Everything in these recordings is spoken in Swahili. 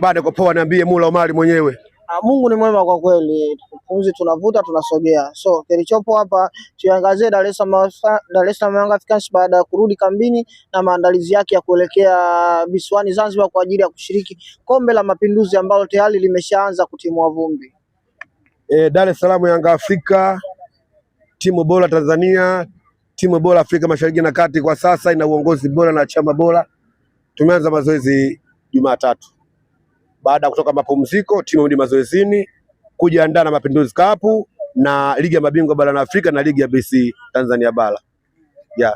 Bado iko poa, niambie Mola Omari mwenyewe. Ah, Mungu ni mwema kwa kweli, pumzi tunavuta tunasogea. So kilichopo hapa tuangazie Dar es Salaam, Dar es Salaam Yanga Africans baada ya kurudi kambini na maandalizi yake ya kuelekea visiwani Zanzibar kwa ajili ya kushiriki kombe la Mapinduzi ambalo tayari limeshaanza kutimua vumbi. E, Dar es Salaam Yanga Afrika, timu bora Tanzania, timu bora Afrika Mashariki na Kati, kwa sasa ina uongozi bora na chama bora. Tumeanza mazoezi Jumatatu baada ya kutoka mapumziko, timu imerudi mazoezini kujiandaa na Mapinduzi Cup na ligi ya mabingwa barani Afrika na ligi ya BC Tanzania bara. Yeah.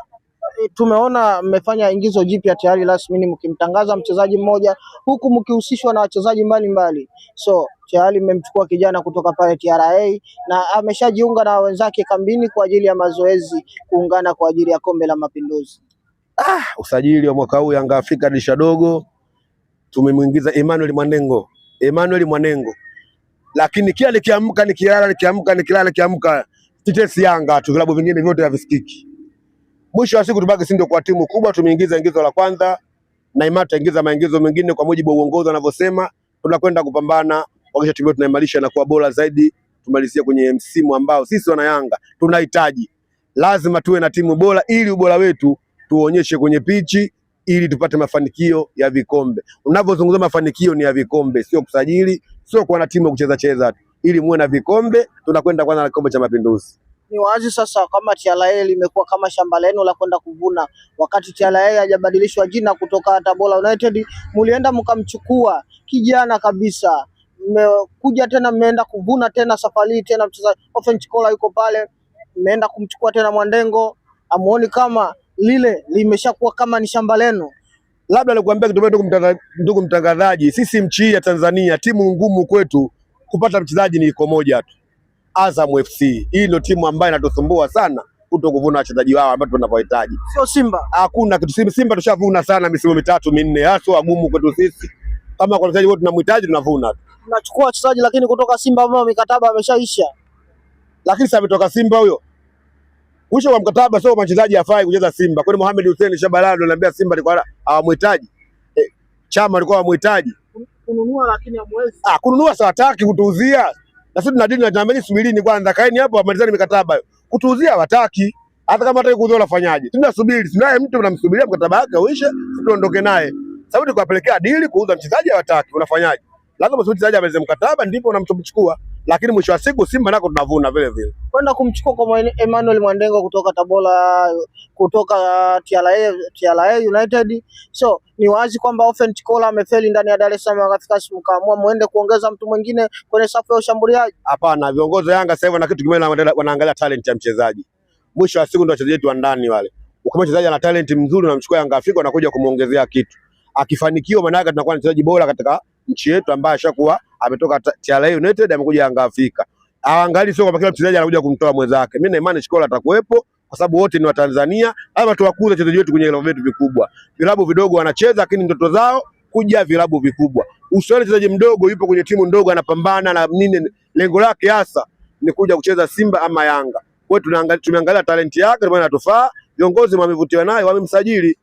Eh, tumeona mmefanya ingizo jipya tayari rasmi, mkimtangaza mchezaji mmoja huku mkihusishwa na wachezaji mbalimbali. So tayari mmemchukua kijana kutoka pale TRA na ameshajiunga na wenzake kambini kwa ajili ya mazoezi, kuungana kwa ajili ya kombe la Mapinduzi. Ah, usajili wa mwaka huu Yanga Afrika dirisha dogo tumemwingiza Emmanuel Mwanengo, Emmanuel Mwanengo, lakini kila nikiamka nikilala nikiamka nikilala nikiamka tetesi Yanga tu, vilabu vingine vyote havisikiki. Mwisho wa siku tubaki, si ndio? Kwa timu kubwa tumeingiza ingizo la kwanza na imani tutaingiza maingizo mengine kwa mujibu wa uongozi wanavyosema. Tunakwenda kupambana kuhakikisha timu tunaimarisha na kuwa bora zaidi, tumalizie kwenye msimu ambao sisi wana Yanga tunahitaji. Lazima tuwe na timu bora, ili ubora wetu tuonyeshe kwenye pichi ili tupate mafanikio ya vikombe. unavyozungumza mafanikio ni ya vikombe, sio kusajili, sio kuwa na timu ya kucheza cheza tu. Ili muwe na vikombe, tunakwenda kwanza na kikombe cha Mapinduzi. Ni wazi sasa kama TRA limekuwa kama shamba lenu la kwenda kuvuna, wakati TRA hajabadilishwa jina kutoka Tabora United, mulienda mkamchukua kijana kabisa, mmekuja tena mmeenda kuvuna tena, safari tena mchezaji Ofenchikola yuko pale, mmeenda kumchukua tena Mwandengo, amuoni kama lile limeshakuwa kama ni shamba lenu? Labda nikuambia kitu ndugu mtangazaji, sisi mchi ya Tanzania timu ngumu kwetu kupata mchezaji ni iko moja tu, Azam FC. Hii ndio timu ambayo inatusumbua sana kuto kuvuna wachezaji wao ambao tunavyohitaji. Sio Simba, hakuna kitu. Simba tushavuna sana misimu mitatu minne, hasa wagumu kwetu sisi. Kama kwa wachezaji wote tunamhitaji, tunavuna tu, tunachukua wachezaji, lakini kutoka Simba ambao mikataba ameshaisha, lakini sasa ametoka Simba huyo mwisho wa mkataba, sio mchezaji afai kucheza Simba. Kwani Mohamed Hussein Shabalala ananiambia Simba alikuwa hawamhitaji E, chama alikuwa hawamhitaji kununua, lakini hamwezi ah, kununua sawa, hataki kutuuzia na sisi tunadili na jamani, subirini kwanza, kaeni hapo, amalizeni mikataba hiyo. Kutuuzia hawataki, hata kama hataki kuuzia unafanyaje? Tunasubiri, tunaye mtu tunamsubiria mkataba wake uishe, tuondoke naye. Sababu ni kuwapelekea dili kuuza mchezaji hawataki, unafanyaje? Lazima mchezaji amalize mkataba, ndipo unamchukua lakini mwisho wa siku Simba nako tunavuna vile vile. Kwenda kumchukua kwa Emmanuel Mwandengo kutoka Tabora, kutoka uh, TRA, TRA United. So ni wazi kwamba Offensive Kola amefeli ndani ya Dar es Salaam, akafika mkaamua muende kuongeza mtu mwingine kwenye safu ya ushambuliaji. Hapana, viongozi wa Yanga sasa hivi na kitu kimoja, wanaangalia talent ya mchezaji. Mwisho wa siku ndio wachezaji wetu wa ndani wale. Ukama mchezaji ana talent mzuri, na mchukua Yanga Afrika, anakuja kumuongezea kitu, akifanikiwa, maana yake tunakuwa mchezaji bora katika nchi yetu ambaye ashakuwa ametoka TRA United amekuja Yanga Afrika. Hawaangalii sio kwamba kila mchezaji anakuja kumtoa mwenzake. Mimi na imani Shikola atakuwepo kwa sababu wote ni wa Tanzania. ama tuwakuze wachezaji wetu kwenye vilabu vyetu vikubwa. Vilabu vidogo wanacheza, lakini ndoto zao kuja vilabu vikubwa. Usione mchezaji mdogo yupo kwenye timu ndogo anapambana na nini, lengo lake hasa ni kuja kucheza Simba ama Yanga. Wewe tunaangalia tumeangalia talenti yake, ndio maana anatufaa. Viongozi wamevutiwa naye, wamemsajili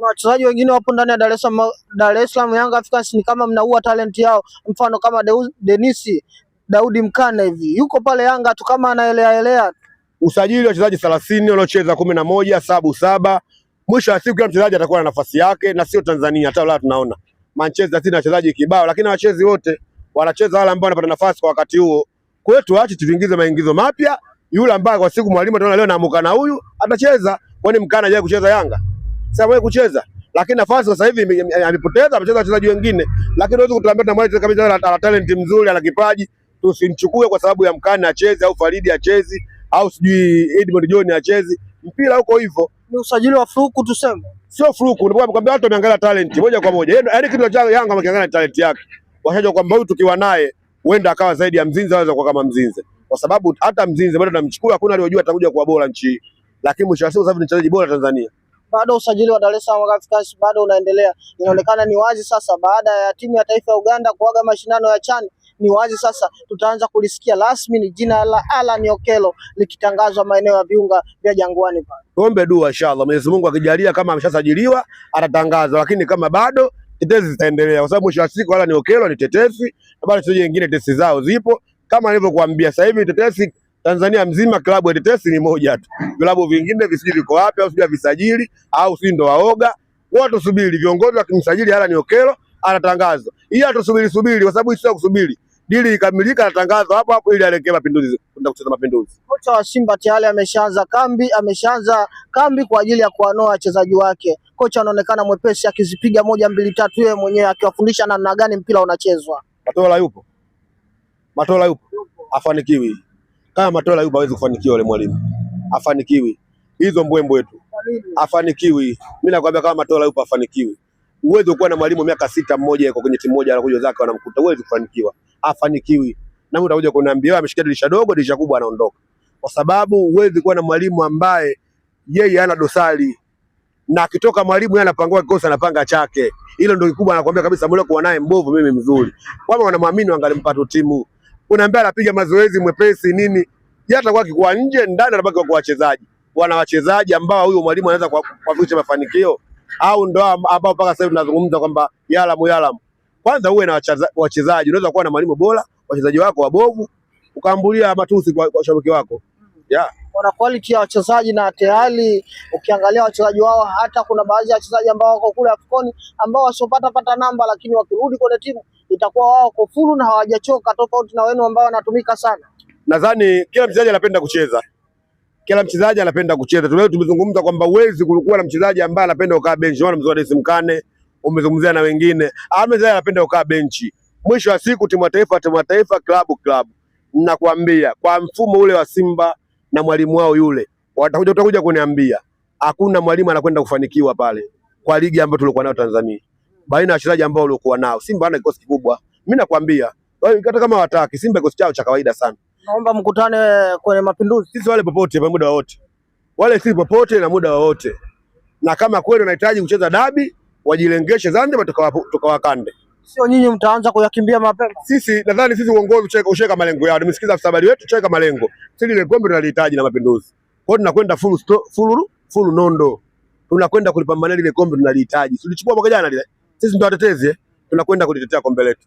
kuna wachezaji wengine wapo ndani ya Dar es Salaam, Dar es Salaam Young Africans ni kama mnaua talent yao, mfano kama Denisi Daudi Mkana hivi yuko pale Yanga tu kama anaelea elea. Usajili wa wachezaji 30 waliocheza kumi na moja sabu saba. Mwisho wa siku kila mchezaji atakuwa na nafasi yake, na sio Tanzania hata wala tunaona Manchester City na wachezaji kibao, lakini wachezi wote wanacheza wale ambao wanapata nafasi kwa wakati huo. Kwa hiyo tuache tuingize maingizo mapya, yule ambaye kwa siku mwalimu ataona leo naamuka na huyu atacheza, kwani Mkana hajawahi kucheza Yanga? sasa wewe kucheza, lakini nafasi sasa hivi amepoteza, amecheza wachezaji wengine, lakini huwezi kutuambia tunamwacha kabisa. Ana talent nzuri, ana kipaji, tusimchukue kwa sababu ya Mkani acheze au Faridi acheze au sijui Edmond John acheze. Mpira huko hivyo, ni usajili wa fluku tuseme, sio fluku. Ndio Nikwambia watu wameangalia talent moja kwa moja, yaani, yaani kitu cha Yanga wameangalia talent yake, washajua kwamba huyu tukiwa naye huenda akawa zaidi ya Mzinze, anaweza kuwa kama Mzinze kwa sababu hata Mzinze bado tunamchukua, hakuna aliyojua atakuja kuwa bora nchi, lakini mwisho wa siku sasa ni mchezaji bora Tanzania bado usajili wa Dar es Salaam Africans bado unaendelea. Inaonekana ni wazi sasa, baada ya timu ya taifa ya Uganda kuaga mashindano ya CHAN, ni wazi sasa tutaanza kulisikia rasmi ni jina la Alan Okello likitangazwa maeneo ya viunga vya Jangwani pale. Tuombe dua inshallah, Mwenyezi Mungu akijalia, kama ameshasajiliwa atatangaza, lakini kama bado tetezi zitaendelea, kwa sababu mwisho wa siku Alan Okello ni tetezi, na bado sio nyingine, tetezi zao zipo kama nilivyokuambia. Sasa hivi tetezi Tanzania mzima klabu ya tetesi ni moja tu, vilabu vingine visijui viko wapi, au sijui visajili au sijui ndo waoga. Watu subiri viongozi wakimsajili, hala ni Okelo anatangazwa, hii atusubiri subiri, kwa sababu sio kusubiri dili ikamilika, anatangazwa hapo hapo ili alekee Mapinduzi, kwenda kucheza Mapinduzi. Kocha wa Simba tayari ameshaanza kambi, ameshaanza kambi kwa ajili ya kuanoa wachezaji wake. Kocha anaonekana mwepesi, akizipiga moja mbili tatu, yeye mwenyewe akiwafundisha namna gani mpira unachezwa. Matola yupo, Matola yupo, afanikiwi kama Matola yupo hawezi kufanikiwa yule mwalimu. Afanikiwi. Hizo mbwembwe tu. Afanikiwi. Mimi nakwambia kama Matola yupo afanikiwi. Uwezo kuwa na mwalimu miaka sita mmoja yuko kwenye timu moja anakuja zake wanamkuta, uwezi kufanikiwa. Afanikiwi. Na mimi utakuja kuniambia ameshika dirisha dogo, dirisha kubwa anaondoka. Kwa sababu uwezi kuwa na mwalimu ambaye yeye ana dosari na akitoka mwalimu yeye anapangua kikosi anapanga chake. Hilo ndio kikubwa, anakuambia kabisa mbona kuwa naye mbovu, mimi mzuri. Kwamba wanamwamini wangalimpa tu timu unaambia anapiga mazoezi mwepesi nini, yeye atakuwa akikuwa nje, ndani atabaki kwa wachezaji. Wana wachezaji ambao huyo mwalimu anaweza kuwafikisha mafanikio, au ndo ambao mpaka sasa tunazungumza kwamba yalamu yalamu. Kwanza uwe na wachezaji, unaweza kuwa na mwalimu bora, wachezaji wako wabovu, ukaambulia matusi kwa, kwa shabiki wako yeah. Wana quality ya wachezaji na tayari ukiangalia wachezaji wao, hata kuna baadhi ya wachezaji ambao wako kule Afkoni ambao wasiopata pata namba, lakini wakirudi kwenye timu itakuwa wao wako fulu na hawajachoka, tofauti na wenu ambao wanatumika sana. Nadhani kila mchezaji anapenda kucheza, kila mchezaji anapenda kucheza. tumezungumza kwamba uwezi kulikuwa na mchezaji ambaye anapenda kukaa benchi. Mzee Mkane umezungumzia na wengine, mchezaji anapenda kukaa benchi. Mwisho wa siku timu ya taifa, timu ya taifa, klabu klabu. Nakwambia kwa mfumo ule wa Simba na mwalimu wao yule, watakuja utakuja kuniambia hakuna mwalimu anakwenda kufanikiwa pale kwa ligi ambayo tulikuwa nayo Tanzania, baina ya wachezaji ambao walikuwa nao. Simba ana kikosi kikubwa, mimi nakwambia hata kama wataki Simba kikosi chao cha kawaida sana. Naomba mkutane kwenye Mapinduzi, sisi wale popote kwa muda wote, wale, sisi popote na muda wote, na kama kweli unahitaji kucheza dabi wajilengeshe Zanzibar, tukawakande Sio nyinyi mtaanza kuyakimbia mapema. Sisi nadhani sisi uongozi ushaweka malengo yao, nimesikiza afisa habari wetu, ushaweka malengo. Sisi ile kombe tunalihitaji na Mapinduzi, kwa hiyo tunakwenda full full full nondo, tunakwenda kulipambania lile kombe, tunalihitaji. Tulichukua mwaka jana lile, sisi ndio watetezi, eh? tunakwenda kulitetea kombe letu.